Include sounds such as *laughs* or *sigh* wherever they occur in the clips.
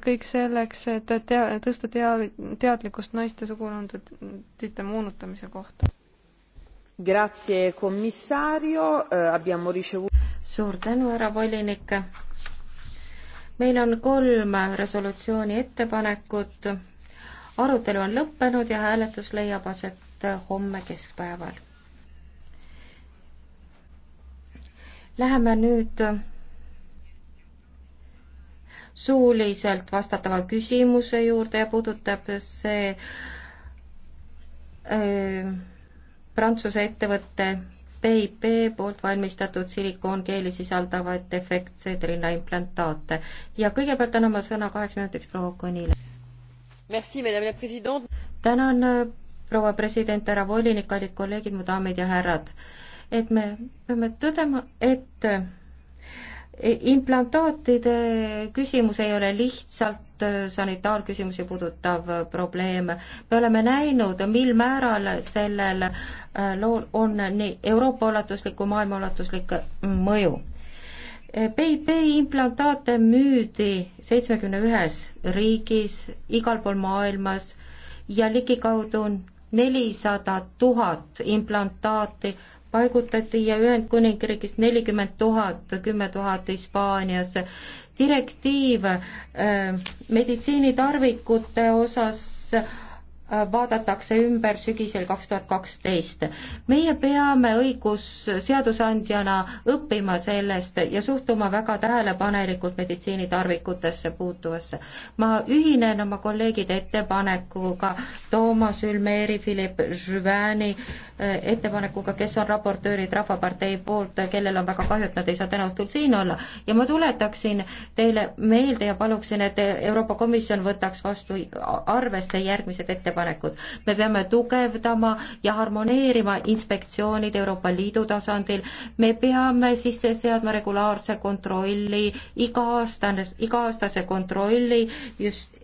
teevad kõik selleks, et tea, tõsta tea, teadlikkust naiste suguelundite moonutamise kohta. Grazie, komissario, eh, abbiamo ricevuto. suur tänu, härra volinik. meil on kolm resolutsiooni ettepanekut. arutelu on lõppenud ja hääletus leiab aset homme keskpäeval. Läheme nüüd suuliselt vastatava küsimuse juurde ja puudutab see öö, äh, Prantsuse ettevõtte PIP poolt valmistatud silikoonkeeli sisaldavaid defektseid rinnaimplantaate. ja kõigepealt annan ma sõna kaheks minutiks proua Konile. tänan, äh, proua president, härra volinik, kallid kolleegid, mu daamid ja härrad. et me peame tõdema, et implantaatide küsimus ei ole lihtsalt äh, sanitaarküsimusi puudutav äh, probleem. me oleme näinud, mil määral sellel äh, lool on nii Euroopa ulatuslik kui maailma ulatuslik mõju. PIP implantaate müüdi seitsmekümne ühes riigis, igal pool maailmas ja ligikaudu nelisada tuhat implantaati paigutati ja Ühendkuningriigis nelikümmend tuhat, kümme tuhat Hispaanias. direktiiv äh, meditsiinitarvikute osas äh, vaadatakse ümber sügisel kaks tuhat kaksteist. meie peame õigusseadusandjana õppima sellest ja suhtuma väga tähelepanelikult meditsiinitarvikutesse puutuvasse. ma ühinen oma kolleegide ettepanekuga Toomas Ülmeri, Philippe Juvani äh, ettepanekuga, kes on raportöörid Rahvapartei poolt, kellel on väga kahju, et nad ei saa täna õhtul siin olla. ja ma tuletaksin teile meelde ja paluksin, et Euroopa Komisjon võtaks vastu arvesse järgmised ettepanekud. me peame tugevdama ja harmoneerima inspektsioonid Euroopa Liidu tasandil, me peame sisse seadma regulaarse kontrolli, iga-aastane, iga-aastase kontrolli just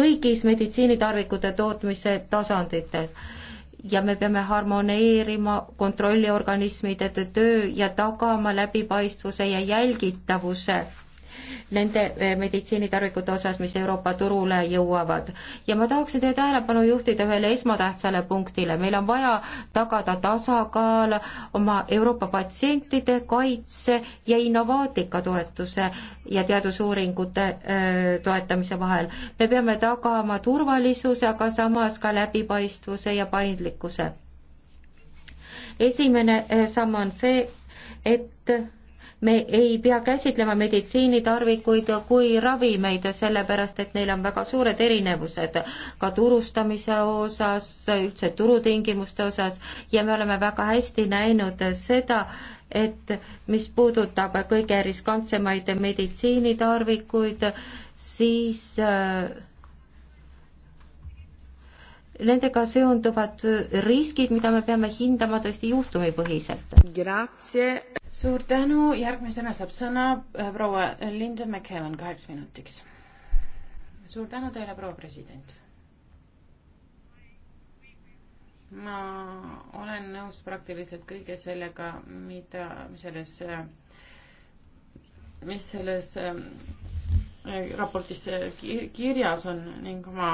kõigis meditsiinitarvikute tootmise tasandites ja me peame harmoneerima kontrolliorganismide töö ja tagama läbipaistvuse ja jälgitavuse nende eh, meditsiinitarvikute osas, mis Euroopa turule jõuavad. ja ma tahaksin teie tähelepanu juhtida ühele esmatähtsale punktile, meil on vaja tagada tasakaal oma Euroopa patsientide kaitse ja innovaatika toetuse ja teadusuuringute eh, toetamise vahel. me peame tagama turvalisuse, aga samas ka läbipaistvuse ja paindlikkuse esimene eh, samm on see, et me ei pea käsitlema meditsiinitarvikuid kui ravimeid, sellepärast et neil on väga suured erinevused ka turustamise osas, üldse turutingimuste osas ja me oleme väga hästi näinud seda, et mis puudutab kõige riskantsemaid meditsiinitarvikuid, siis äh, nendega seonduvad riskid, mida me peame hindama tõesti juhtumipõhiselt suur tänu, järgmisena saab sõna äh, proua Linda McEwan kaheks minutiks. suur tänu teile, proua president. ma olen nõus praktiliselt kõige sellega, mida selles, mis selles äh, äh, raportis kirjas on ning ma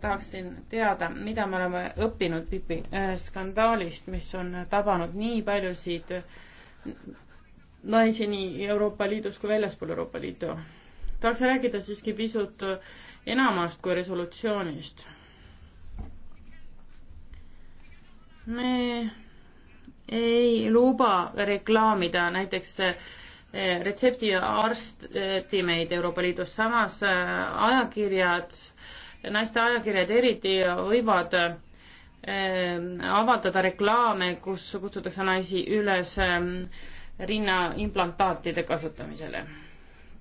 tahaksin teada, mida me oleme õppinud Pipi skandaalist, mis on tabanud nii paljusid äh, naisi nii Euroopa Liidus kui väljaspool Euroopa Liitu. tahaks rääkida siiski pisut enamast kui resolutsioonist. me ei luba reklaamida näiteks eh, retseptiarstimeid Euroopa Liidus, samas eh, ajakirjad, naiste ajakirjad eriti võivad eh, avaldada reklaame, kus kutsutakse naisi üles ähm, rinnaimplantaatide kasutamisele.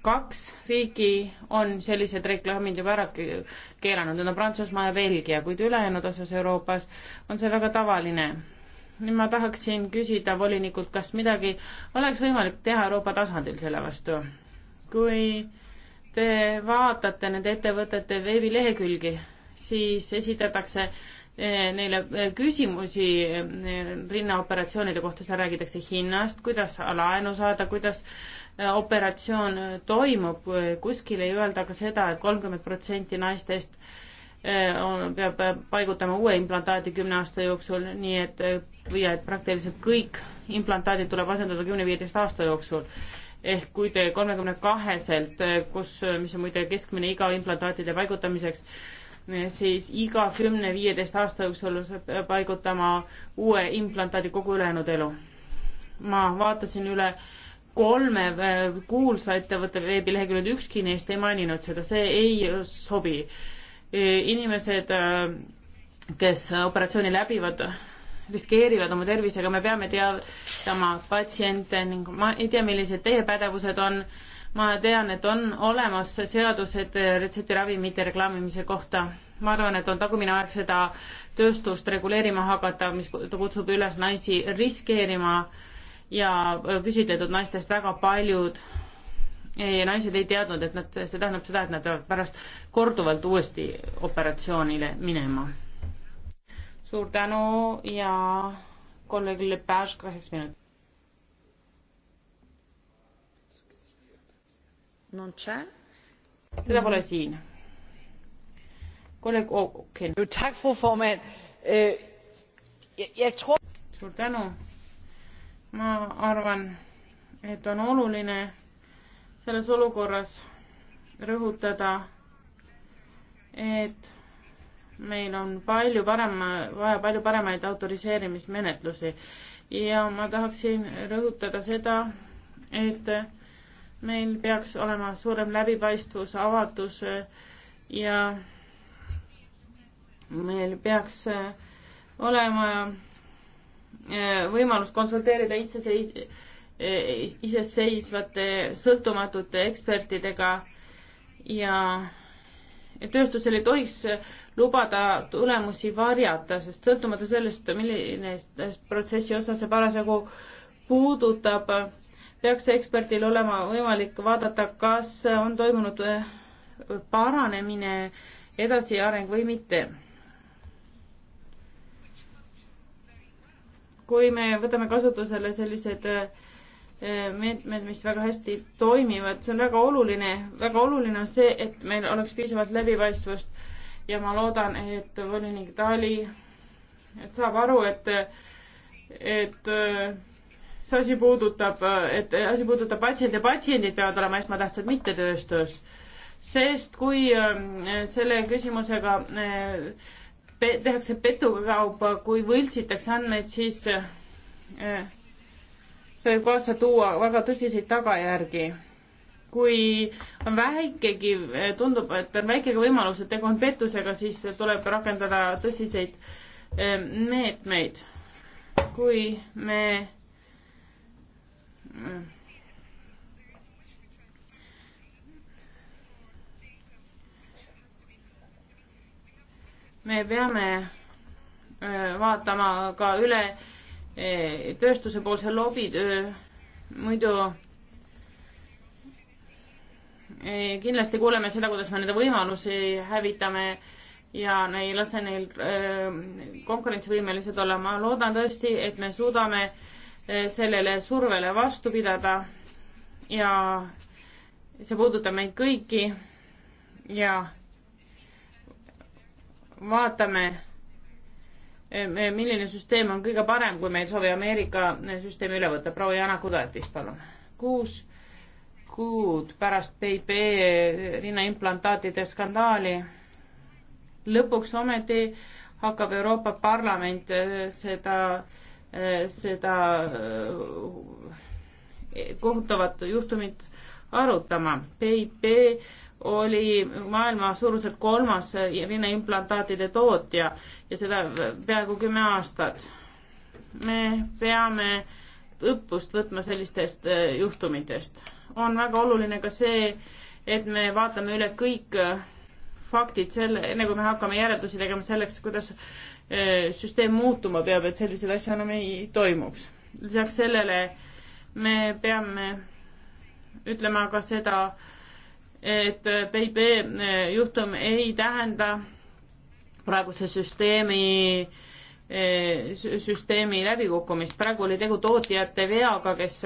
kaks riiki on sellised reklaamid juba ära keelanud, need on Prantsusmaa ja Belgia, kuid ülejäänud osas Euroopas on see väga tavaline. nüüd ma tahaksin küsida volinikult, kas midagi oleks võimalik teha Euroopa tasandil selle vastu? kui te vaatate nende ettevõtete veebilehekülgi, siis esitatakse neile eh, küsimusi eh, rinnaoperatsioonide kohta, seal räägitakse hinnast, kuidas laenu saada, kuidas eh, operatsioon toimub, kuskil ei öelda ka seda et, et kolmkümmend protsenti naistest on, peab paigutama uue implantaadi kümne aasta jooksul, nii et ja et praktiliselt kõik implantaadid tuleb asendada kümne-viieteist aasta jooksul. ehk kui te kolmekümne kaheselt, kus, mis on muide keskmine iga implantaatide paigutamiseks, siis iga kümne-viieteist aasta jooksul paigutama uue implantaadi kogu ülejäänud elu. ma vaatasin üle kolme äh, kuulsa ettevõtte veebileheküljel, ükski neist ei maininud seda, see ei sobi. Äh, inimesed, äh, kes operatsiooni läbivad, riskeerivad oma tervisega, me peame teadma patsiente ning ma ei tea, millised teie pädevused on ma tean, et on olemas seadused eh, retseptiravimite reklaamimise kohta. ma arvan, et on tagumine aeg seda tööstust reguleerima hakata, mis kutsub üles naisi riskeerima ja eh, küsitletud naistest väga paljud ei, eh, naised ei teadnud, et nad, see tähendab seda, et nad peavad pärast korduvalt uuesti operatsioonile minema. suur tänu ja kolleegile Pääš kaheks minutiks. non c'è. teda pole siin. kolleeg Ooken. Øh, suur tänu. ma arvan, et on oluline selles olukorras rõhutada, et meil on palju parema, vaja palju paremaid autoriseerimismenetlusi ja ma tahaksin rõhutada seda, et meil peaks olema suurem läbipaistvus, avatus äh, ja meil peaks äh, olema äh, võimalus konsulteerida iseseis-, iseseisvate sõltumatute ekspertidega ja tööstusel ei tohiks lubada tulemusi varjata, sest sõltumata sellest, milline protsessi osa see parasjagu puudutab, peaks eksperdil olema võimalik vaadata, kas on toimunud eh, paranemine, edasiareng või mitte. kui me võtame kasutusele sellised eh, meetmed, mis väga hästi toimivad, see on väga oluline, väga oluline on see, et meil oleks piisavalt läbipaistvust ja ma loodan, et volinik Tali, et saab aru, et, et eh, see asi puudutab, et asi puudutab patsiente, patsiendid peavad olema esmatähtsad, mitte tööstus. sest kui ähm, selle küsimusega äh, pe tehakse petukaupa, kui võltsitakse andmeid, siis äh, see võib kaasa tuua väga tõsiseid tagajärgi. kui on väikegi, äh, tundub, et on väikegi võimalus, et tegu on pettusega, siis tuleb rakendada tõsiseid meetmeid. kui me me peame äh, vaatama ka üle äh, tööstusepoolse lobitöö, muidu äh, kindlasti kuuleme seda, kuidas me nende võimalusi hävitame ja me ei lase neil konkurentsivõimelised olla. ma loodan tõesti, et me suudame Eh, sellele survele vastu pidada ja see puudutab meid kõiki ja vaatame, eh, milline süsteem on kõige parem, kui me ei soovi Ameerika eh, süsteemi üle võtta. proua Jana Kudatis, palun. kuus kuud pärast PIP rinnaimplantaatide skandaali lõpuks ometi hakkab Euroopa Parlament seda äh, Eh, seda eh, kohutavat juhtumit arutama. PIP oli maailma suuruselt kolmas rinnaimplantaatide tootja ja seda peaaegu kümme aastat. me peame õppust võtma sellistest eh, juhtumitest. on väga oluline ka see, et me vaatame üle kõik faktid selle, enne kui me hakkame järeldusi tegema selleks, kuidas Äh, süsteem muutuma peab, et selliseid asju enam ei toimuks. lisaks sellele me peame ütlema ka seda, et PIB äh, juhtum ei tähenda praeguse süsteemi, äh, süsteemi läbikukkumist. praegu oli tegu tootjate veaga, kes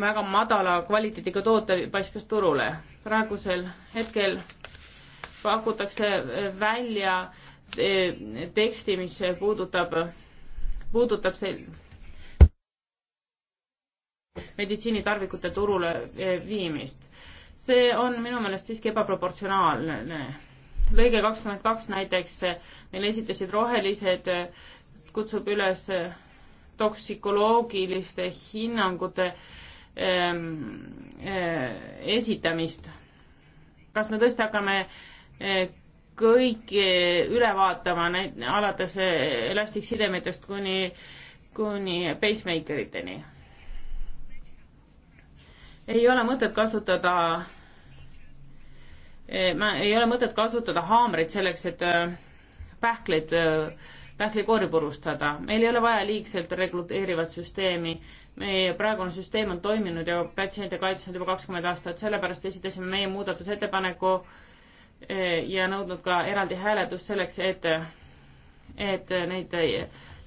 väga madala kvaliteediga toote paiskas turule. praegusel hetkel pakutakse välja äh, Eh, teksti, mis puudutab, puudutab sel-, meditsiinitarvikute turule eh, viimist. see on minu meelest siiski ebaproportsionaalne. lõige kakskümmend kaks näiteks, mille esitasid rohelised, kutsub üles toksikoloogiliste hinnangute ähm, äh, esitamist. kas me tõesti hakkame äh, kõiki üle vaatama, neid alates elastiksidemetest kuni, kuni pacemakeriteni. ei ole mõtet kasutada, eh, ei ole mõtet kasutada haamreid selleks, et eh, pähkleid, eh, pähklikoori purustada. meil ei ole vaja liigselt reguleerivat süsteemi. meie praegune süsteem on toiminud ja patsiente kaitsnud juba kakskümmend aastat, sellepärast esitasime meie muudatusettepaneku äh, Eh, ja nõudnud ka eraldi hääletust selleks, et, et neid,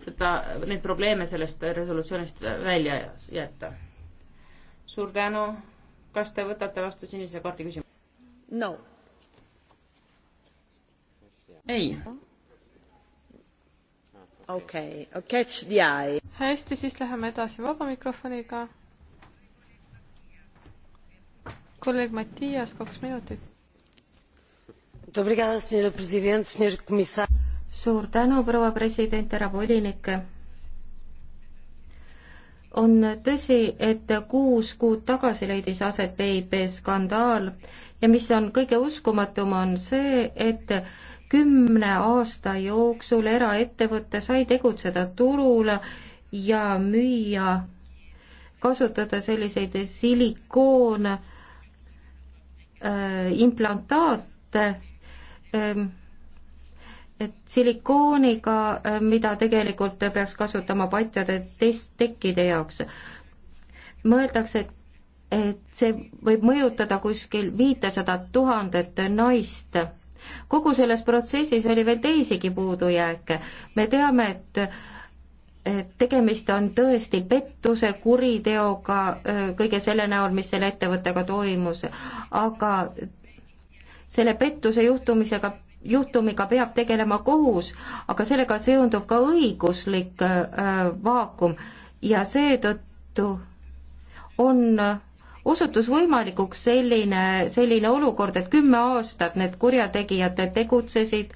seda, neid probleeme sellest resolutsioonist välja jätta. suur tänu. kas te võtate vastu sinise kaardi küsimuse? no. ei. okei okay., catch the eye. hästi, siis läheme edasi vaba mikrofoniga. kolleeg Mattias, kaks minutit suur tänu, proua president, härra volinik. on tõsi, et kuus kuud tagasi leidis aset PIP skandaal ja mis on kõige uskumatum, on see, et kümne aasta jooksul eraettevõte sai tegutseda turul ja müüa, kasutada selliseid silikoon äh, implantaate Ehm, et silikooniga, eh, mida tegelikult peaks kasutama patjade test-, tekkide jaoks, mõeldakse, et, et see võib mõjutada kuskil viitesadat tuhandet naist. kogu selles protsessis oli veel teisigi puudujääke. me teame, et et tegemist on tõesti pettuse, kuriteoga, eh, kõige selle näol, mis selle ettevõttega toimus, aga selle pettuse juhtumisega, juhtumiga peab tegelema kohus, aga sellega seondub ka õiguslik äh, äh vaakum ja seetõttu on osutus võimalikuks selline, selline olukord, et kümme aastat need kurjategijad tegutsesid,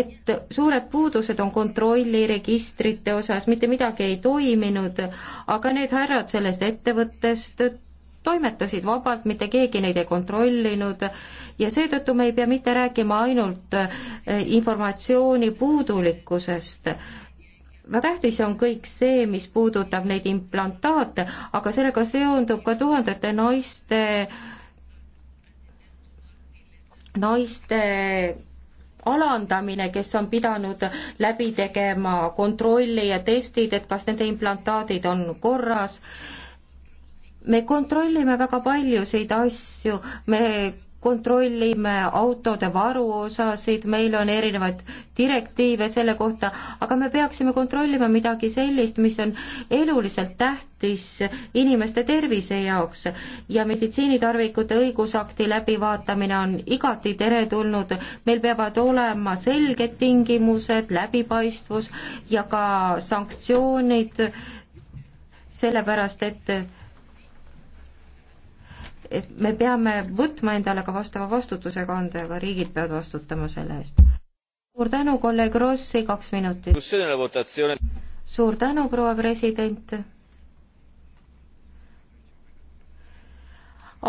et suured puudused on kontrolliregistrite osas, mitte midagi ei toiminud, aga need härrad sellest ettevõttest toimetasid vabalt, mitte keegi neid ei kontrollinud ja seetõttu me ei pea mitte rääkima ainult eh, informatsiooni puudulikkusest, väga tähtis on kõik see, mis puudutab neid implantaate, aga sellega seondub ka tuhandete naiste, naiste alandamine, kes on pidanud läbi tegema kontrolli ja testid, et kas nende implantaadid on korras me kontrollime väga paljusid asju, me kontrollime autode varuosasid, meil on erinevaid direktiive selle kohta, aga me peaksime kontrollima midagi sellist, mis on eluliselt tähtis inimeste tervise jaoks ja meditsiinitarvikute õigusakti läbivaatamine on igati teretulnud. meil peavad olema selged tingimused, läbipaistvus ja ka sanktsioonid, sellepärast et et me peame võtma endale ka vastava vastutuse kanda ja ka riigid peavad vastutama selle eest. suur tänu, kolleeg Rossi, kaks minutit. suur tänu, proua president.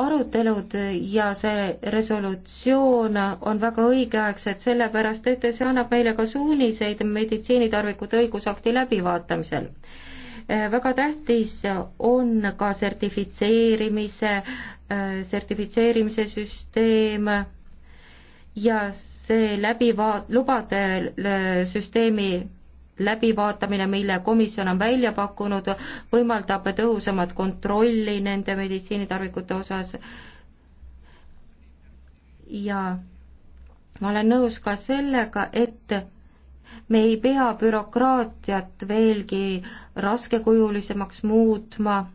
arutelud ja see resolutsioon on väga õigeaegsed, sellepärast et see annab meile ka suuniseid meditsiinitarvikute õigusakti läbivaatamisel Äh, väga tähtis on ka sertifitseerimise, äh, sertifitseerimise süsteem ja see läbivaat-, lubade äh, süsteemi läbivaatamine, mille komisjon on välja pakkunud, võimaldab tõhusamat kontrolli nende meditsiinitarvikute osas ja ma olen nõus ka sellega, et me ei pea bürokraatiat veelgi raskekujulisemaks muutma.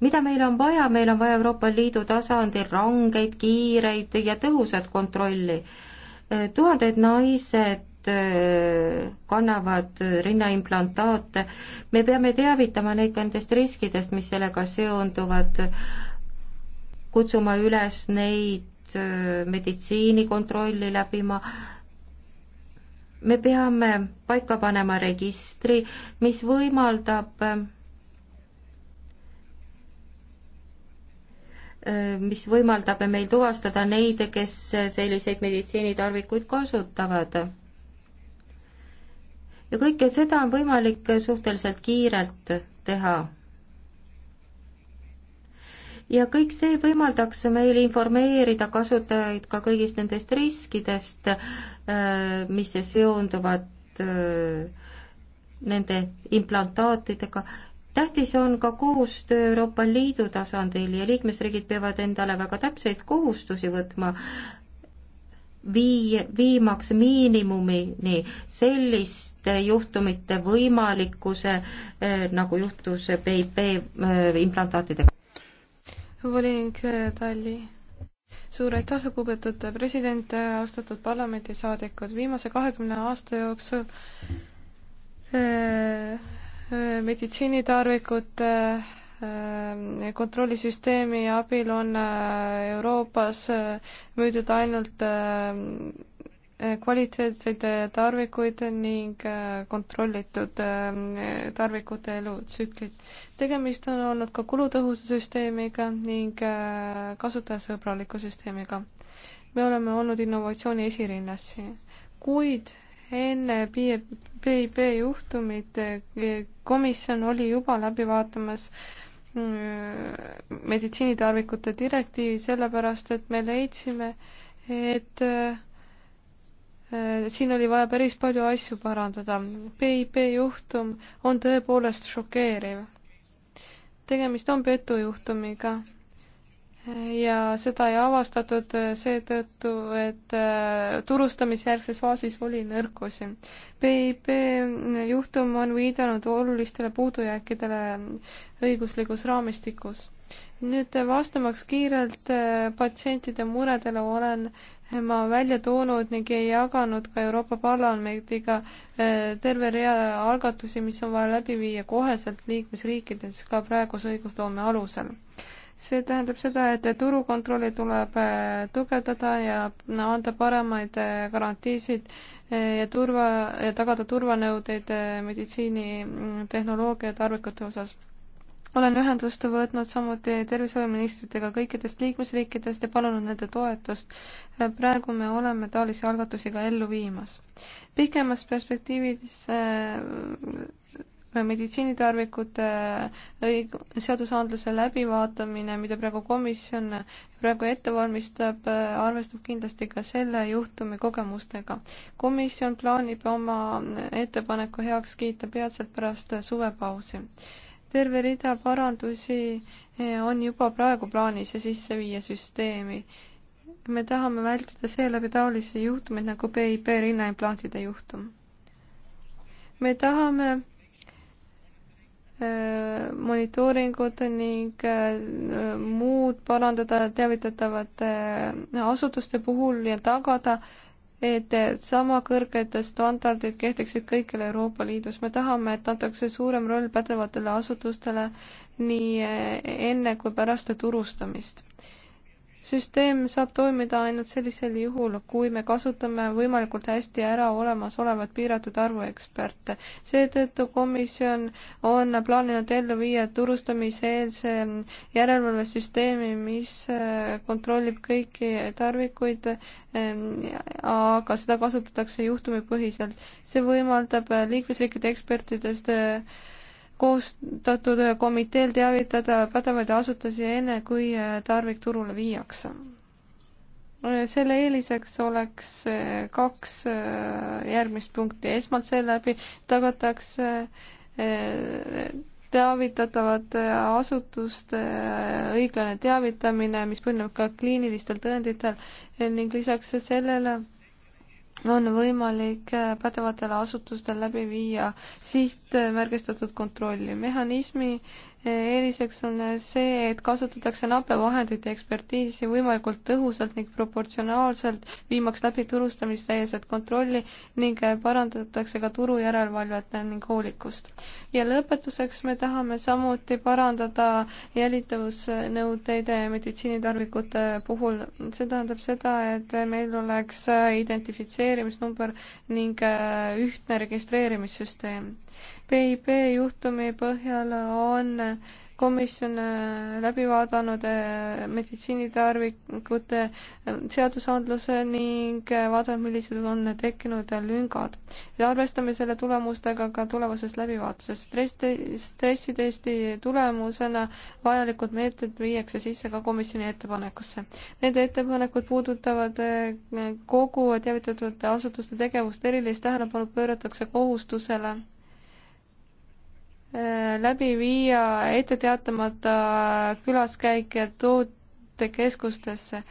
mida meil on vaja, meil on vaja Euroopa Liidu tasandil rangeid, kiireid ja tõhusat kontrolli. tuhanded naised äh, kannavad rinnaimplantaate, me peame teavitama neid ka nendest riskidest, mis sellega seonduvad, kutsuma üles neid äh, meditsiinikontrolli läbima me peame paika panema registri, mis võimaldab äh, mis võimaldab meil tuvastada neid, kes selliseid meditsiinitarvikuid kasutavad. ja kõike seda on võimalik suhteliselt kiirelt teha ja kõik see võimaldaks meil informeerida kasutajaid ka kõigist nendest riskidest, äh, mis seonduvad äh, nende implantaatidega. tähtis on ka koostöö Euroopa Liidu tasandil ja liikmesriigid peavad endale väga täpseid kohustusi võtma, vii-, viimaks miinimumini selliste juhtumite võimalikkuse, äh, nagu juhtus PIP implantaatidega volinik eh, Talli suur aitäh, lugupeetud president, eh, austatud parlamendisaadikud, viimase kahekümne aasta jooksul äh, eh, meditsiinitarvikute äh, kontrollisüsteemi abil on äh, Euroopas müüdud ainult kvaliteetseid tarvikuid ning äh, kontrollitud ähm, tarvikute elutsüklit. tegemist on olnud ka kulutõhusa süsteemiga ning äh, kasutajasõbraliku süsteemiga. me oleme olnud innovatsiooni esirinnas siin, kuid enne PIB juhtumit äh, komisjon oli juba läbi vaatamas mm, meditsiinitarvikute direktiivi, sellepärast et me leidsime, et äh, Äh, siin oli vaja päris palju asju parandada. PIP juhtum on tõepoolest šokeeriv. tegemist on petujuhtumiga äh, ja seda ei avastatud äh, seetõttu, et turustamisjärgses faasis oli nõrkusi. PIP mm, juhtum on viidanud olulistele puudujääkidele õiguslikus raamistikus. nüüd vastamaks kiirelt patsientide muredele olen ma välja toonud ning ei jaganud ka Euroopa Parlamendiga äh, terve rea algatusi, mis on vaja läbi viia koheselt liikmesriikides ka praeguse õigusloome alusel. see tähendab seda, et turukontrolli tuleb äh, tugevdada ja anda paremaid äh, garantiisid ja turva, tagada turvanõudeid meditsiinitehnoloogia mm, tarvikute osas olen ühendust võtnud samuti tervishoiuministritega kõikidest liikmesriikidest ja palunud nende toetust. praegu me oleme taolisi algatusi ka ellu viimas. pikemas perspektiivis äh, meditsiinitarvikute äh, seadusandluse läbivaatamine, mida praegu komisjon praegu ette valmistab, äh, arvestab kindlasti ka selle juhtumi kogemustega. komisjon plaanib oma ettepaneku heaks kiita peatselt pärast suvepausi terve rida parandusi eh, on juba praegu plaanis ja sisse viia süsteemi. me tahame vältida seeläbi taolisi juhtumeid nagu PIP rinnaimplantide juhtum. me tahame eh, monitooringud ning eh, muud parandada teavitatavate asutuste puhul ja tagada äh, et sama kõrged standardid kehtiksid kõikjal Euroopa Liidus. me tahame, et antakse suurem roll pädevatele asutustele nii enne kui pärast turustamist süsteem saab toimida ainult sellisel juhul, kui me kasutame võimalikult hästi ära olemasolevat piiratud arvu eksperte. seetõttu komisjon on plaaninud ellu viia turustamiseelse järelevalvesüsteemi, mis äh, kontrollib kõiki tarvikuid, ähm, aga seda kasutatakse juhtumipõhiselt. see võimaldab äh, liikmesriikide ekspertidest äh, koostatud komiteel teavitada pädevaid asutusi enne, kui tarvik turule viiakse. selle eeliseks oleks eh, kaks eh, järgmist punkti. esmalt seeläbi tagatakse eh, teavitatavate asutuste õiglane teavitamine, mis põhineb ka kliinilistel tõenditel ning lisaks sellele on võimalik äh, pädevatel asutustel läbi viia sihtmärgistatud kontrolli. mehhanismi eeliseks on see, et kasutatakse nappevahendeid ja ekspertiisi võimalikult tõhusalt ning proportsionaalselt, viimaks läbi turustamist täieselt kontrolli ning parandatakse ka turujärelevalvet ning hoolikust. ja lõpetuseks me tahame samuti parandada jälitavusnõudeid meditsiinitarvikute puhul. see tähendab seda, et meil oleks identifitseerimisnumber ning ühtne registreerimissüsteem PIP juhtumi põhjal on komisjon äh, läbi vaadanud äh, meditsiinitarvikute äh, seadusandluse ning vaadanud, millised on tekkinud lüngad. ja arvestame selle tulemustega ka tulevases läbivaatuses. stress, stressitesti tulemusena vajalikud meetmed viiakse sisse ka komisjoni ettepanekusse. Need ettepanekud puudutavad kogu teavitatud asutuste tegevust, erilist tähelepanu pööratakse kohustusele Äh, läbi viia ette teatamata külaskäike tootekeskustesse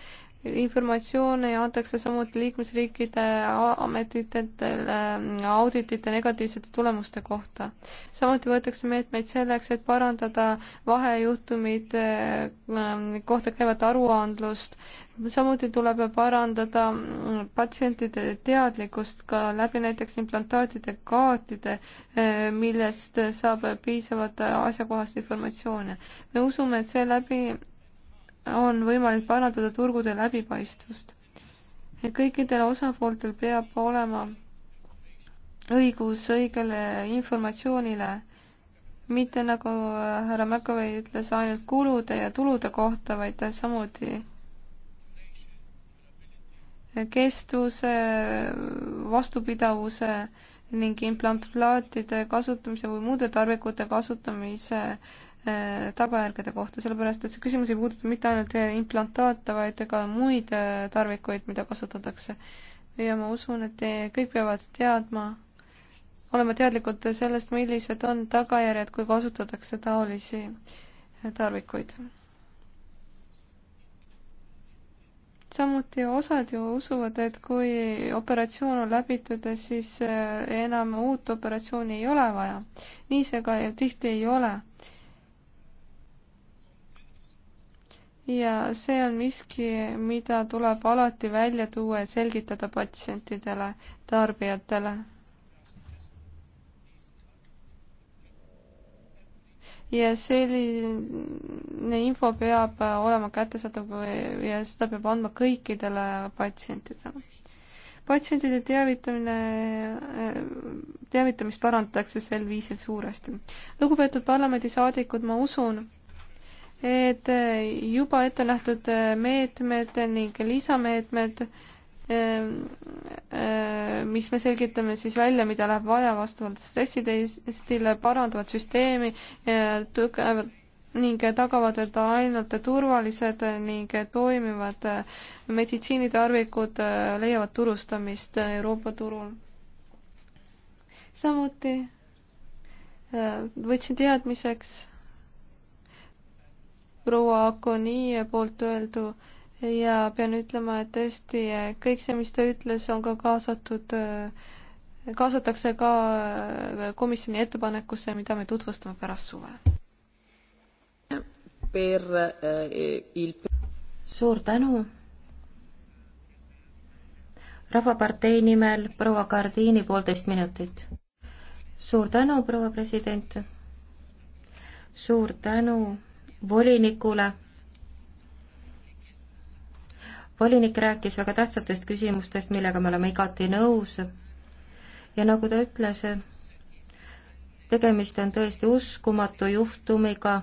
informatsioone antakse samuti liikmesriikide ametitele auditite negatiivsete tulemuste kohta. samuti võetakse meetmeid selleks, et parandada vahejuhtumite äh, kohta käivat aruandlust. samuti tuleb parandada patsientide teadlikkust ka läbi näiteks implantaatide kaatide, äh, millest saab piisavat asjakohast informatsiooni. me usume, et seeläbi on võimalik parandada turgude läbipaistvust. kõikidel osapooltel peab olema õigus õigele informatsioonile, mitte nagu härra McAvey ütles, ainult kulude ja tulude kohta, vaid samuti kestuse, vastupidavuse ning implantaatide kasutamise või muude tarvikute kasutamise äh, Äh, tagajärgede kohta, sellepärast et see küsimus ei puuduta mitte ainult äh, implantaate, vaid ka muid äh, tarvikuid, mida kasutatakse. ja ma usun, et kõik peavad teadma, olema teadlikud sellest, millised on tagajärjed, kui kasutatakse taolisi tarvikuid. samuti osad ju usuvad, et kui operatsioon on läbitud, siis enam uut operatsiooni ei ole vaja. nii see ka tihti ei ole ja see on miski, mida tuleb alati välja tuua ja selgitada patsientidele, tarbijatele. ja selline info peab olema kättesaadav ja seda peab andma kõikidele patsientidele patsientide teavitamine, teavitamist parandatakse sel viisil suuresti. lugupeetud parlamendisaadikud, ma usun, et eh, juba ette nähtud eh, meetmed ning lisameetmed, eh, mis me selgitame siis välja, mida läheb vaja vastavalt stressitestile, parandavad süsteemi, tugevad ning tagavad, et ainult turvalised ning toimivad meditsiinitarvikud leiavad turustamist Euroopa turul. samuti võtsin teadmiseks proua Akoni poolt öeldu ja pean ütlema, et tõesti kõik see, mis ta ütles, on ka kaasatud, kaasatakse ka komisjoni ettepanekusse, mida me tutvustame pärast suve. Eh, suur tänu Rahvapartei nimel proua Kardiini poolteist minutit. suur tänu, proua president. suur tänu volinikule. volinik rääkis väga tähtsatest küsimustest, millega me oleme igati nõus. ja nagu ta ütles, tegemist on tõesti uskumatu juhtumiga,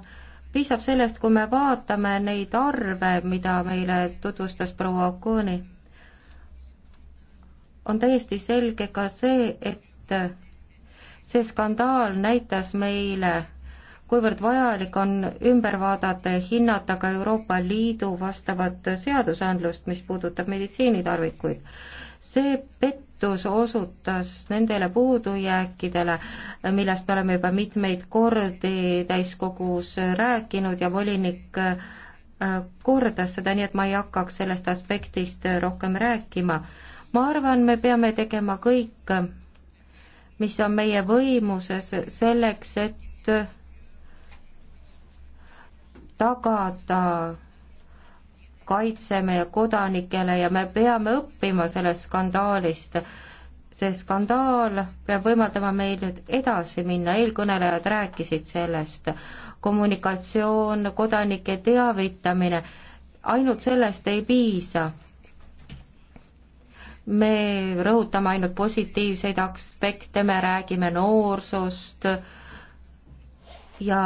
piisab sellest, kui me vaatame neid arve, mida meile tutvustas proua Okuni. on täiesti selge ka see, et see skandaal näitas meile kuivõrd vajalik on ümber vaadata ja hinnata ka Euroopa Liidu vastavat seadusandlust, mis puudutab meditsiinitarvikuid. see pettus osutas nendele puudujääkidele, millest me oleme juba mitmeid kordi täiskogus rääkinud ja volinik äh, kordas seda, nii et ma ei hakkaks sellest aspektist rohkem rääkima. ma arvan, me peame tegema kõik, mis on meie võimuses selleks, et tagada kaitse meie kodanikele ja me peame õppima sellest skandaalist. see skandaal peab võimaldama meil nüüd edasi minna, eelkõnelejad rääkisid sellest, kommunikatsioon, kodanike teavitamine, ainult sellest ei piisa me rõhutame ainult positiivseid aspekte, me räägime noorsust ja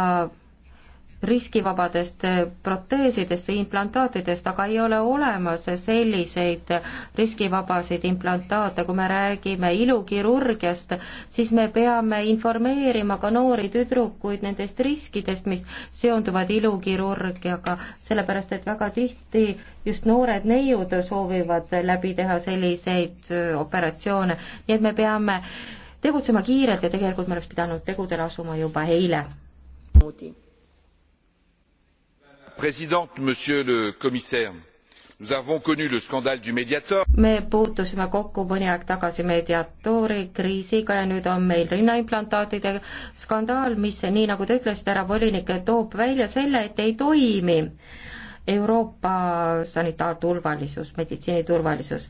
riskivabadest proteesidest ja implantaatidest, aga ei ole olemas selliseid riskivabasid implantaate, kui me räägime ilukirurgiast, siis me peame informeerima ka noori tüdrukuid nendest riskidest, mis seonduvad ilukirurgiaga, sellepärast et väga tihti just noored neiud soovivad läbi teha selliseid operatsioone, nii et me peame tegutsema kiirelt ja tegelikult me oleks pidanud tegudele asuma juba eile president monsieur le commissaire nous avons connu le scandale du mediator me puutusime kokku mõni aeg tagasi mediatori kriisiga ja nüüd on meil rinnaimplantaatide skandaal mis nii nagu te ütlesite härra volinik toob välja selle et ei toimi Euroopa sanitaarturvalisus meditsiiniturvalisus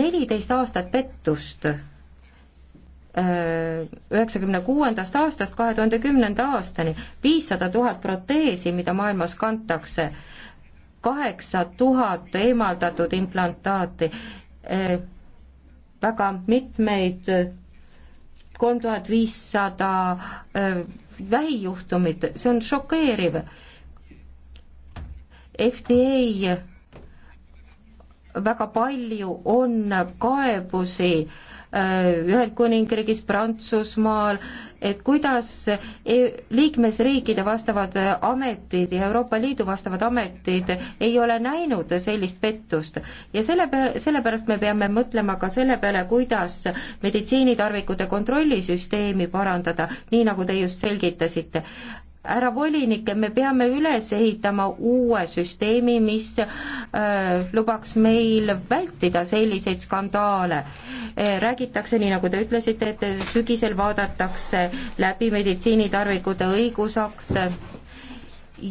neliteist aastat pettust üheksakümne kuuendast aastast kahe tuhande kümnenda aastani, viissada tuhat proteesi, mida maailmas kantakse, kaheksa tuhat eemaldatud implantaati, väga mitmeid, kolm tuhat viissada eh, vähijuhtumit, see on šokeeriv. FDA väga palju on kaebusi äh, Äh, Ühendkuningriigis, Prantsusmaal, et kuidas e-, liikmesriikide vastavad äh, ametid ja Euroopa Liidu vastavad ametid ei ole näinud sellist pettust. ja selle peale, sellepärast me peame mõtlema ka selle peale, kuidas meditsiinitarvikute kontrollisüsteemi parandada, nii nagu te just selgitasite härra volinik, me peame üles ehitama uue süsteemi, mis äh, lubaks meil vältida selliseid skandaale äh,. räägitakse, nii nagu te ütlesite, et sügisel vaadatakse läbi meditsiinitarvikute õigusakte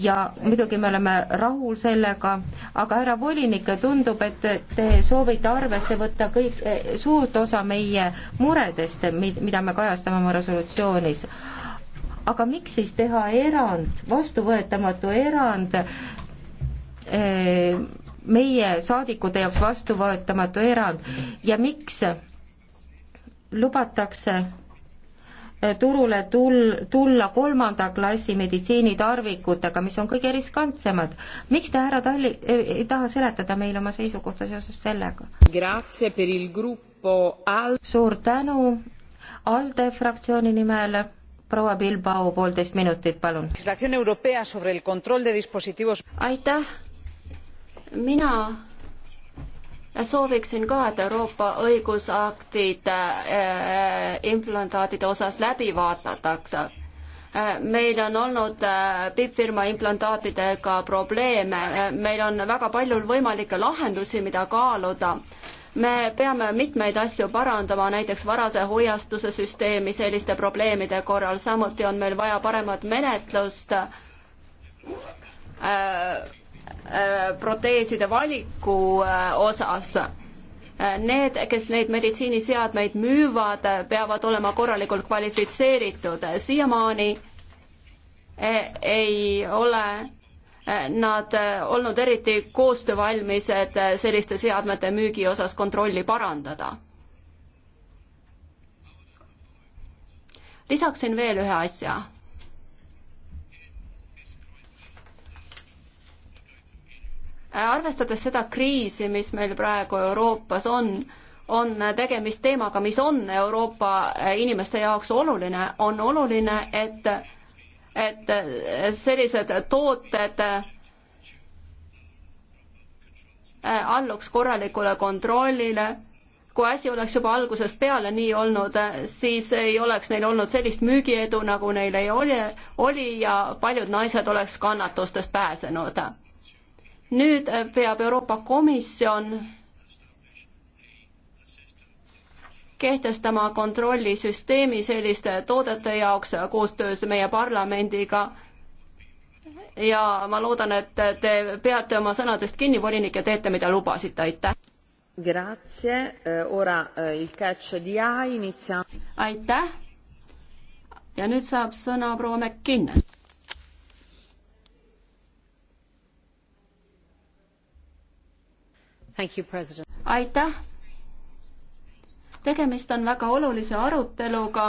ja muidugi me oleme rahul sellega, aga härra volinik, tundub, et te soovite arvesse võtta kõik, äh, suurt osa meie muredest, mida me kajastame oma resolutsioonis aga miks siis teha erand, vastuvõetamatu erand eh, meie saadikute jaoks vastuvõetamatu erand ja miks lubatakse eh, turule tul-, tulla kolmanda klassi meditsiinitarvikutega, mis on kõige riskantsemad. miks te, härra Talli, eh, ei taha seletada meile oma seisukohta seoses sellega? Al... suur tänu ALDE fraktsiooni nimel proua Bilbao, poolteist minutit, palun. aitäh, mina sooviksin ka, et Euroopa õigusaktid äh, implantaatide osas läbi vaadatakse äh,. meil on olnud äh, PIP-firma implantaatidega probleeme, äh, meil on väga palju võimalikke lahendusi, mida kaaluda me peame mitmeid asju parandama, näiteks varase hoiastuse süsteemi selliste probleemide korral, samuti on meil vaja paremat menetlust äh, äh, proteeside valiku äh, osas äh, need, kes neid meditsiiniseadmeid müüvad, peavad olema korralikult kvalifitseeritud. siiamaani äh, ei ole nad äh, olnud eriti koostöövalmised äh, selliste seadmete müügi osas kontrolli parandada. lisaksin veel ühe asja. Äh, arvestades seda kriisi, mis meil praegu Euroopas on, on tegemist teemaga, mis on Euroopa inimeste jaoks oluline, on oluline, et et eh, sellised tooted eh, alluks korralikule kontrollile. kui asi oleks juba algusest peale nii olnud, eh, siis ei oleks neil olnud sellist müügiedu, nagu neil ei oli, oli ja paljud naised oleks kannatustest pääsenud. nüüd peab Euroopa Komisjon kehtestama kontrollisüsteemi selliste toodete jaoks koostöös meie parlamendiga. ja ma loodan, et te peate oma sõnadest kinni, volinik, ja teete, mida lubasite, aitäh. Grazie, eh, ora eh, il calcio di A inizia. aitäh. ja nüüd saab sõna proua McKinnon. aitäh tegemist on väga olulise aruteluga.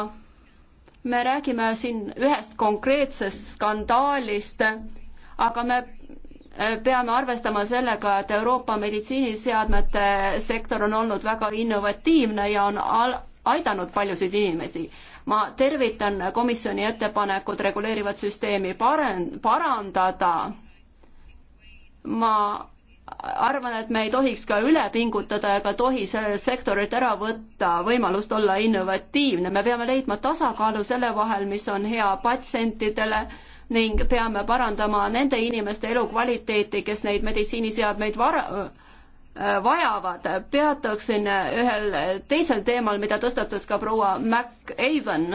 me räägime siin ühest konkreetsest skandaalist, aga me eh, peame arvestama sellega, et Euroopa meditsiiniseadmete sektor on olnud väga innovatiivne ja on al-, aidanud paljusid inimesi. ma tervitan komisjoni ettepanekut reguleerivat süsteemi paren-, parandada. ma arvan, et me ei tohiks ka üle pingutada ega tohi sellelt sektorilt ära võtta võimalust olla innovatiivne. me peame leidma tasakaalu selle vahel, mis on hea patsientidele ning peame parandama nende inimeste elukvaliteeti, kes neid meditsiiniseadmeid vara-, vajavad. peatuksin ühel teisel teemal, mida tõstatas ka proua MacAvan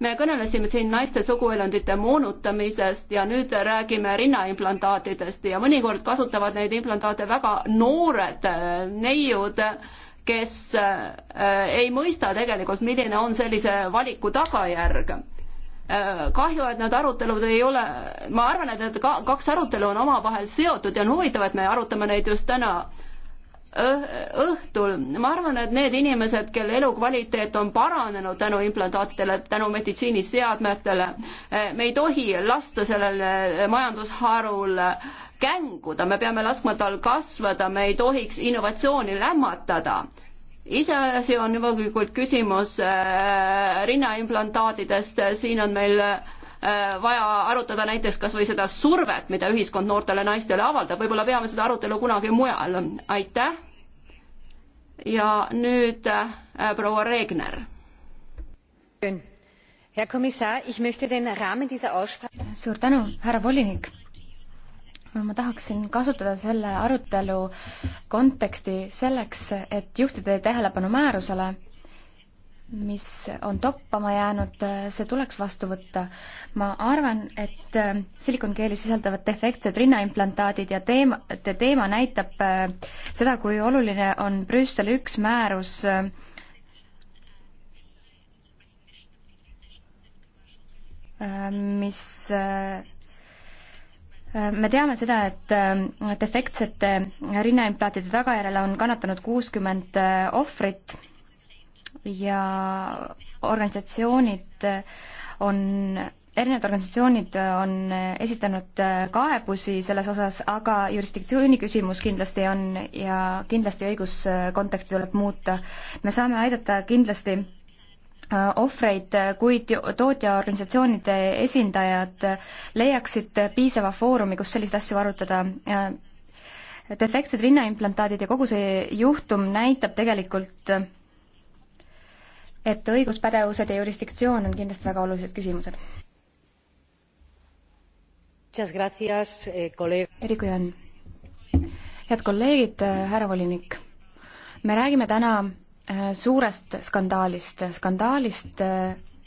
me kõnelesime siin naiste suguelundite moonutamisest ja nüüd räägime rinnaimplantaatidest ja mõnikord kasutavad neid implantaate väga noored äh, neiud, kes äh, ei mõista tegelikult, milline on sellise valiku tagajärg äh, kahju, et need arutelud ei ole, ma arvan, et need kaks arutelu on omavahel seotud ja on huvitav, et me arutame neid just täna õhtul, ma arvan, et need inimesed, kelle elukvaliteet on paranenud tänu implantaatidele, tänu meditsiiniseadmetele, eh, me ei tohi lasta sellel majandusharul känguda, me peame laskma tal kasvada, me ei tohiks innovatsiooni lämmatada. iseasi on juba küsimus eh, rinnaimplantaatidest, siin on meil äh, Äh, vaja arutada näiteks kas või seda survet, mida ühiskond noortele naistele avaldab, võib-olla peame seda arutelu kunagi mujal, aitäh. ja nüüd äh, proua Regner. suur tänu, härra volinik ma tahaksin kasutada selle arutelu konteksti selleks, et juhtida tähelepanu määrusele, mis on toppama jäänud, see tuleks vastu võtta. ma arvan, et äh, silikongeeli sisaldavad defektsed rinnaimplantaadid ja teema, teema näitab äh, seda, kui oluline on Brüsseli üks määrus äh, mis me teame seda, et defektsete rinnaimplantaatide tagajärjel on kannatanud kuuskümmend ohvrit ja organisatsioonid on, erinevad organisatsioonid on esitanud kaebusi selles osas, aga jurisdiktsiooni küsimus kindlasti on ja kindlasti õiguskonteksti tuleb muuta. me saame aidata kindlasti äh, ohvreid, kuid tootjaorganisatsioonide esindajad leiaksid piisava foorumi, kus selliseid asju arutada defektsed rinnaimplantaadid ja kogu see juhtum näitab tegelikult äh, et õiguspädevused ja jurisdiktsioon on kindlasti väga olulised küsimused. Eh, Eriko Jan. head kolleegid, eh, härra volinik. me räägime täna eh, suurest skandaalist, skandaalist,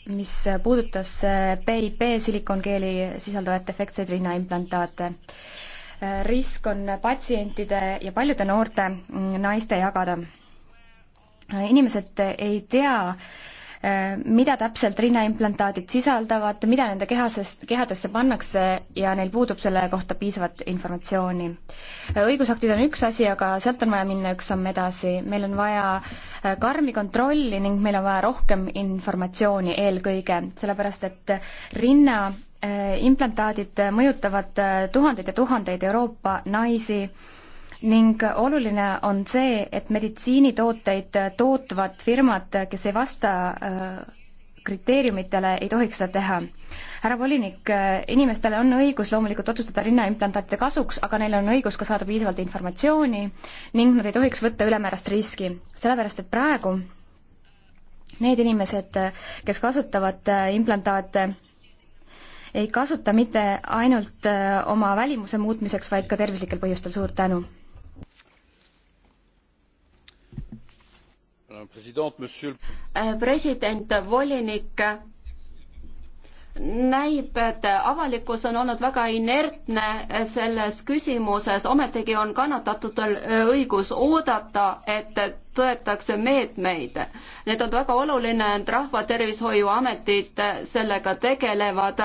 mis puudutas PIP silikongeeli sisaldavat efektseid rinnaimplantaate. risk on patsientide ja paljude noorte mm, naiste jagada inimesed ei tea, äh, mida täpselt rinnaimplantaadid sisaldavad, mida nende kehasest, kehadesse pannakse ja neil puudub selle kohta piisavat informatsiooni. Äh, õigusaktid on üks asi, aga sealt on vaja minna üks samm edasi. meil on vaja äh, karmi kontrolli ning meil on vaja rohkem informatsiooni eelkõige, sellepärast et rinna implantaadid mõjutavad tuhandeid ja tuhandeid Euroopa naisi ning oluline on see, et meditsiinitooteid tootvad firmad, kes ei vasta äh, kriteeriumitele, ei tohiks seda teha. härra volinik, äh, inimestel on õigus loomulikult otsustada rinnaimplantaatide kasuks, aga neil on õigus ka saada piisavalt informatsiooni ning nad ei tohiks võtta ülemäärast riski, sellepärast et praegu need inimesed, kes kasutavad äh, implantaate, ei kasuta mitte ainult oma välimuse muutmiseks, vaid ka tervislikel põhjustel, suur tänu! Äh, president, volinik näib, et avalikkus on olnud väga inertne selles küsimuses, ometigi on kannatatutel õigus oodata, et tõetakse meetmeid. Need on väga oluline, et Rahvatervishoiuametid sellega tegelevad.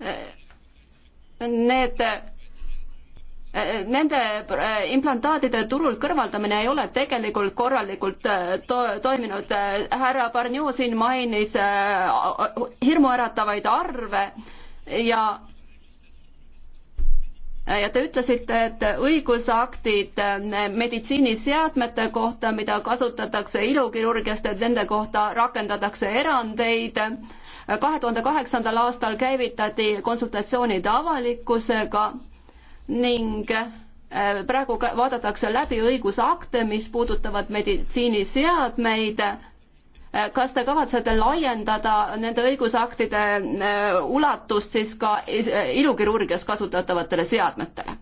Äh, need Äh, äh, nende äh, implantaatide turult kõrvaldamine ei ole tegelikult korralikult to toiminud. härra Barnier siin mainis hirmuäratavaid arve ja ja te ütlesite, et õigusaktid meditsiiniseadmete kohta, mida kasutatakse ilukirurgiast, et nende kohta rakendatakse erandeid. kahe tuhande kaheksandal aastal käivitati konsultatsioonid avalikkusega ning äh, praegu vaadatakse läbi õigusakte, mis puudutavad meditsiiniseadmeid. Äh, kas te kavatsete laiendada nende õigusaktide äh, ulatust siis ka ilukirurgias kasutatavatele seadmetele?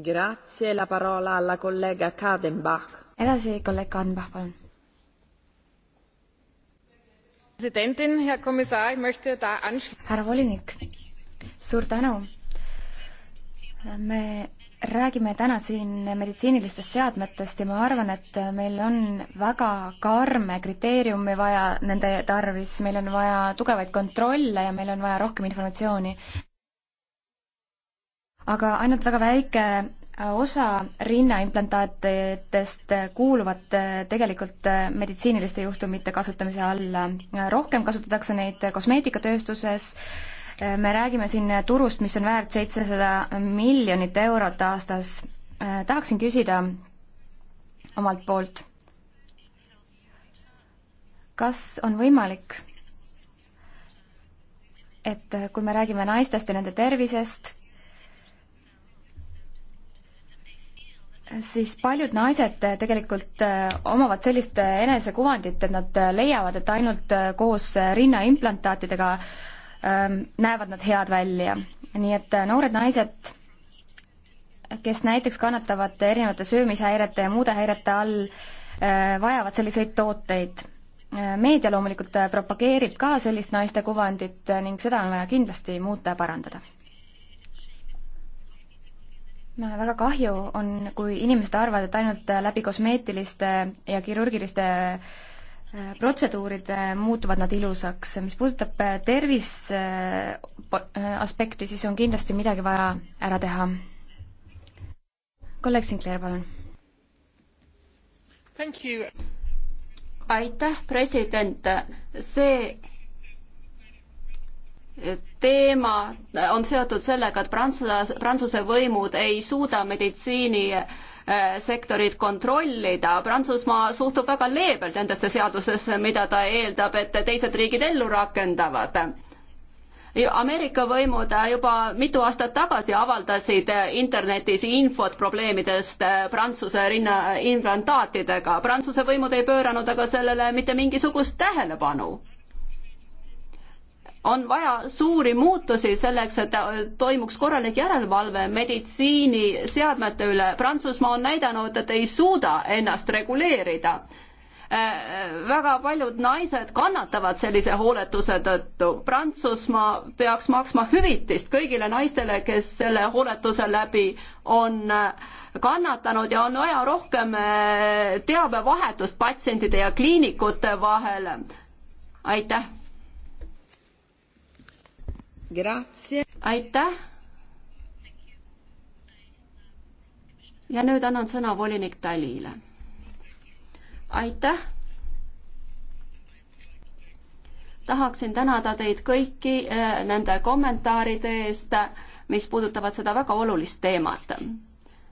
Grazie, la parola alla collega Kadenbach. edasi kolleeg Kadenbach, palun. presidentin, hea komissar, ma tahan. härra volinik, suur tänu me räägime täna siin meditsiinilistest seadmetest ja ma arvan, et meil on väga karme kriteeriumi vaja nende tarvis, meil on vaja tugevaid kontrolle ja meil on vaja rohkem informatsiooni. aga ainult väga väike äh, osa rinnaimplantaatidest kuuluvad äh, tegelikult äh, meditsiiniliste juhtumite kasutamise alla. rohkem kasutatakse neid kosmeetikatööstuses, me räägime siin turust, mis on väärt seitsesada miljonit eurot aastas. tahaksin küsida omalt poolt, kas on võimalik, et kui me räägime naistest ja nende tervisest, siis paljud naised tegelikult omavad sellist enesekuvandit, et nad leiavad, et ainult koos rinnaimplantaatidega äh, Ähm, näevad nad head välja. nii et äh, noored naised, kes näiteks kannatavad erinevate söömishäirete ja muude häirete all, äh, vajavad selliseid tooteid. Äh, meedia loomulikult propageerib ka sellist naiste kuvandit ning seda on vaja kindlasti muuta ja parandada. väga kahju on, kui inimesed arvavad, et ainult läbi kosmeetiliste ja kirurgiliste äh, protseduurid äh, muutuvad nad ilusaks. mis puudutab äh, tervise äh, aspekti, siis on kindlasti midagi vaja ära teha. kolleeg Sinclair, palun. aitäh, president. see teema on seotud sellega, et prantsuse, prantsuse võimud ei suuda meditsiini äh, Äh, sektorit kontrollida. Prantsusmaa suhtub väga leebelt nendesse seadusesse, mida ta eeldab, et teised riigid ellu rakendavad. Ameerika võimud juba mitu aastat tagasi avaldasid internetis infot probleemidest Prantsuse rinna implantaatidega. Prantsuse võimud ei pööranud aga sellele mitte mingisugust tähelepanu on vaja suuri muutusi selleks, et toimuks korralik järelevalve meditsiiniseadmete üle. Prantsusmaa on näidanud, et ei suuda ennast reguleerida. väga paljud naised kannatavad sellise hooletuse tõttu. Prantsusmaa peaks maksma hüvitist kõigile naistele, kes selle hooletuse läbi on kannatanud ja on vaja rohkem eh, teabevahetust patsientide ja kliinikute vahel. aitäh aitäh. ja nüüd annan sõna volinik Talile. aitäh tahaksin tänada teid kõiki äh, nende kommentaaride eest, mis puudutavad seda väga olulist teemat.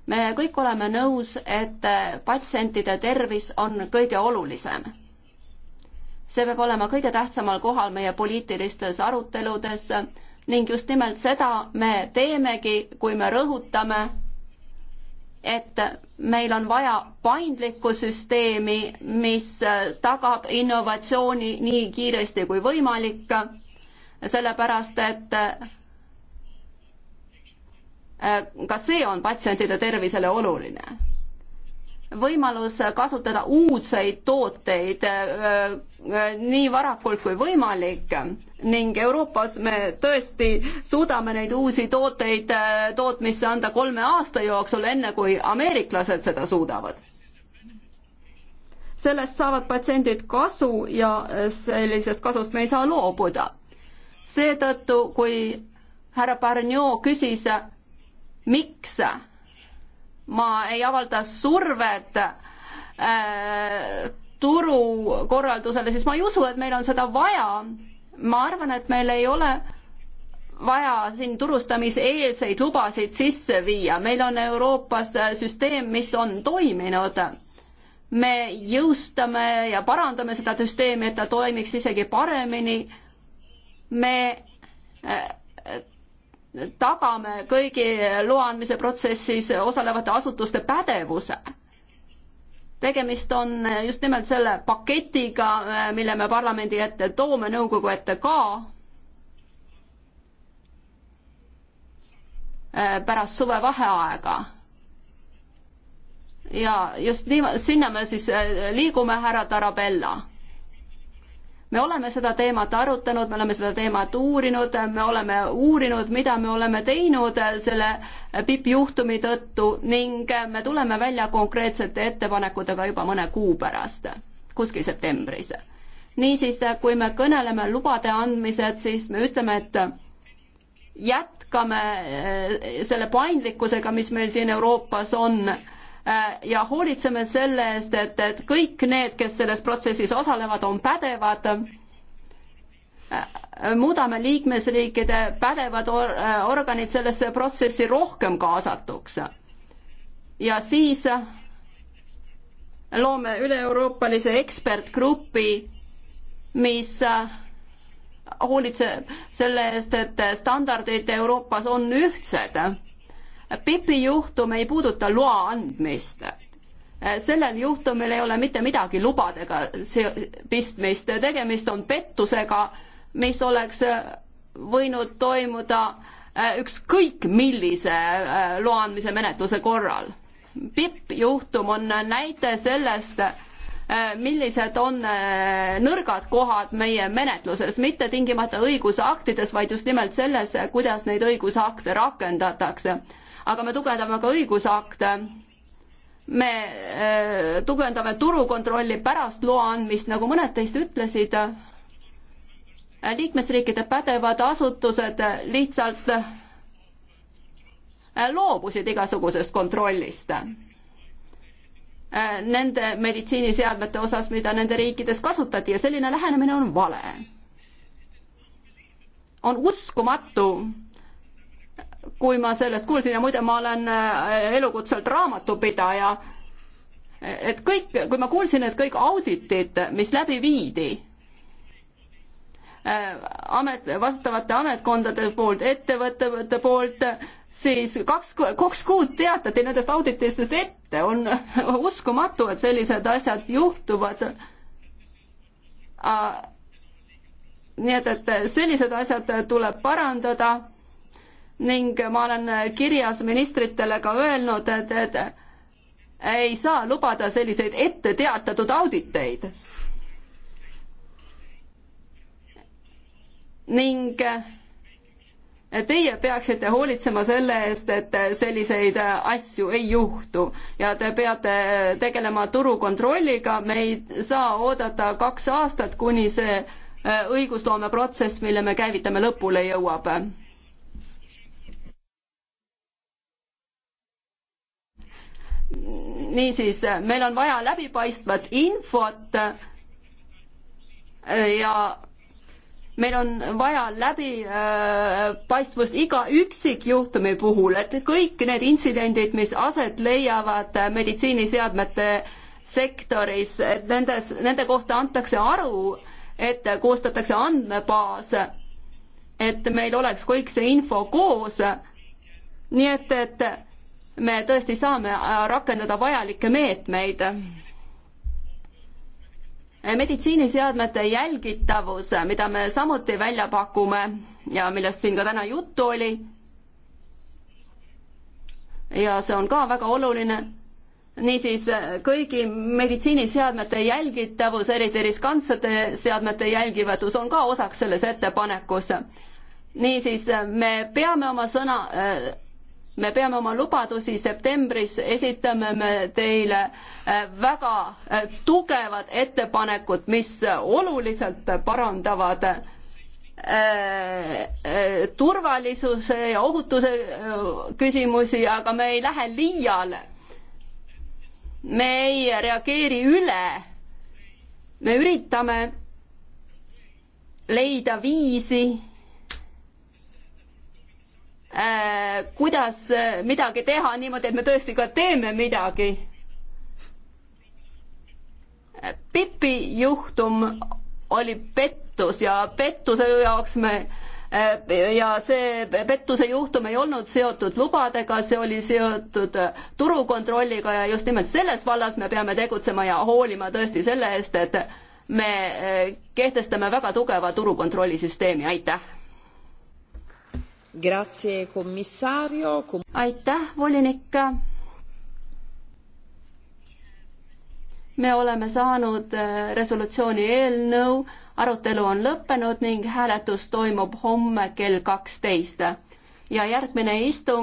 me kõik oleme nõus, et äh, patsientide tervis on kõige olulisem. see peab olema kõige tähtsamal kohal meie poliitilistes aruteludes ning just nimelt seda me teemegi, kui me rõhutame, et meil on vaja paindlikku süsteemi, mis tagab innovatsiooni nii kiiresti kui võimalik, sellepärast et äh, ka see on patsientide tervisele oluline võimalus kasutada uudseid tooteid äh, äh, nii varakult kui võimalik ning Euroopas me tõesti suudame neid uusi tooteid äh, tootmisse anda kolme aasta jooksul, enne kui ameeriklased seda suudavad. sellest saavad patsiendid kasu ja äh, sellisest kasust me ei saa loobuda. seetõttu, kui härra Barnot küsis, miks ma ei avalda survet äh, turukorraldusele, siis ma ei usu, et meil on seda vaja ma arvan, et meil ei ole vaja siin turustamiseelseid lubasid sisse viia, meil on Euroopas süsteem, mis on toiminud. me jõustame ja parandame seda süsteemi, et ta toimiks isegi paremini. me äh, tagame kõigi loa andmise protsessis osalevate asutuste pädevuse tegemist on eh, just nimelt selle paketiga, eh, mille me parlamendi ette toome, nõukogu ette ka. Eh, pärast suvevaheaega. ja just nii, sinna me siis liigume, härra Tarabella me oleme seda teemat arutanud, me oleme seda teemat uurinud, me oleme uurinud, mida me oleme teinud selle PIP juhtumi tõttu ning me tuleme välja konkreetsete ettepanekutega juba mõne kuu pärast, kuskil septembris. niisiis, kui me kõneleme lubade andmised, siis me ütleme, et jätkame eh, selle paindlikkusega, mis meil siin Euroopas on Äh, ja hoolitseme selle eest, et, et kõik need, kes selles protsessis osalevad, on pädevad. Äh, muudame liikmesriikide pädevad or äh, organid sellesse protsessi rohkem kaasatuks. ja siis loome üle-euroopalise ekspertgrupi, mis hoolitseb selle eest, et standardid Euroopas on ühtsed PIP-i juhtum ei puuduta loa andmist. sellel juhtumil ei ole mitte midagi lubadega pistmist, tegemist on pettusega, mis oleks võinud toimuda äh, ükskõik millise äh, loa andmise menetluse korral. PIP juhtum on näide sellest, äh, millised on nõrgad kohad meie menetluses, mitte tingimata õigusaktides, vaid just nimelt selles, kuidas neid õigusakte rakendatakse aga me tugevdame ka õigusakte. me äh, tugevdame turukontrolli pärast loa andmist, nagu mõned teist ütlesid. Äh, liikmesriikide pädevad asutused lihtsalt äh, loobusid igasugusest kontrollist nende meditsiiniseadmete osas, mida nende riikides kasutati ja selline lähenemine on vale. on uskumatu kui ma sellest kuulsin ja muide, ma olen äh, elukutselt raamatupidaja, et kõik, kui ma kuulsin, et kõik auditid, mis läbi viidi äh, amet, vastavate ametkondade poolt, ettevõtete poolt, siis kaks, kaks kuud teatati nendest auditistest ette, on *laughs* uskumatu, et sellised asjad juhtuvad. Äh, nii et, et sellised asjad tuleb parandada ning ma olen kirjas ministritele ka öelnud, et, et ei saa lubada selliseid ette teatatud auditeid. ning teie peaksite hoolitsema selle eest, et selliseid asju ei juhtu ja te peate tegelema turukontrolliga, me ei saa oodata kaks aastat, kuni see õigusloomeprotsess, mille me käivitame, lõpule jõuab niisiis, meil on vaja läbipaistvat infot ja meil on vaja läbipaistvust äh, iga üksikjuhtumi puhul, et kõik need intsidendid, mis aset leiavad meditsiiniseadmete sektoris, et nendes, nende kohta antakse aru, et koostatakse andmebaas, et meil oleks kõik see info koos. nii et, et me tõesti saame äh, rakendada vajalikke meetmeid. meditsiiniseadmete jälgitavus, mida me samuti välja pakume ja millest siin ka täna juttu oli. ja see on ka väga oluline niisiis äh, kõigi meditsiiniseadmete jälgitavus, eriti riskantsete seadmete jälgivatus on ka osaks selles ettepanekus. niisiis äh, me peame oma sõna me peame oma lubadusi septembris, esitame me teile äh, väga äh, tugevad ettepanekud, mis oluliselt parandavad äh, turvalisuse ja ohutuse küsimusi, aga me ei lähe liiale. me ei reageeri üle. me üritame leida viisi Äh, kuidas äh, midagi teha niimoodi, et me tõesti ka teeme midagi. Äh, Pipi juhtum oli pettus ja pettuse jaoks me ja see pettuse juhtum ei olnud seotud lubadega, see oli seotud turukontrolliga ja just nimelt selles vallas me peame tegutsema ja hoolima tõesti selle eest, et me kehtestame väga tugeva turukontrollisüsteemi, aitäh aitäh, volinik. me oleme saanud äh, resolutsiooni eelnõu, arutelu on lõppenud ning hääletus toimub homme kell kaksteist ja järgmine istung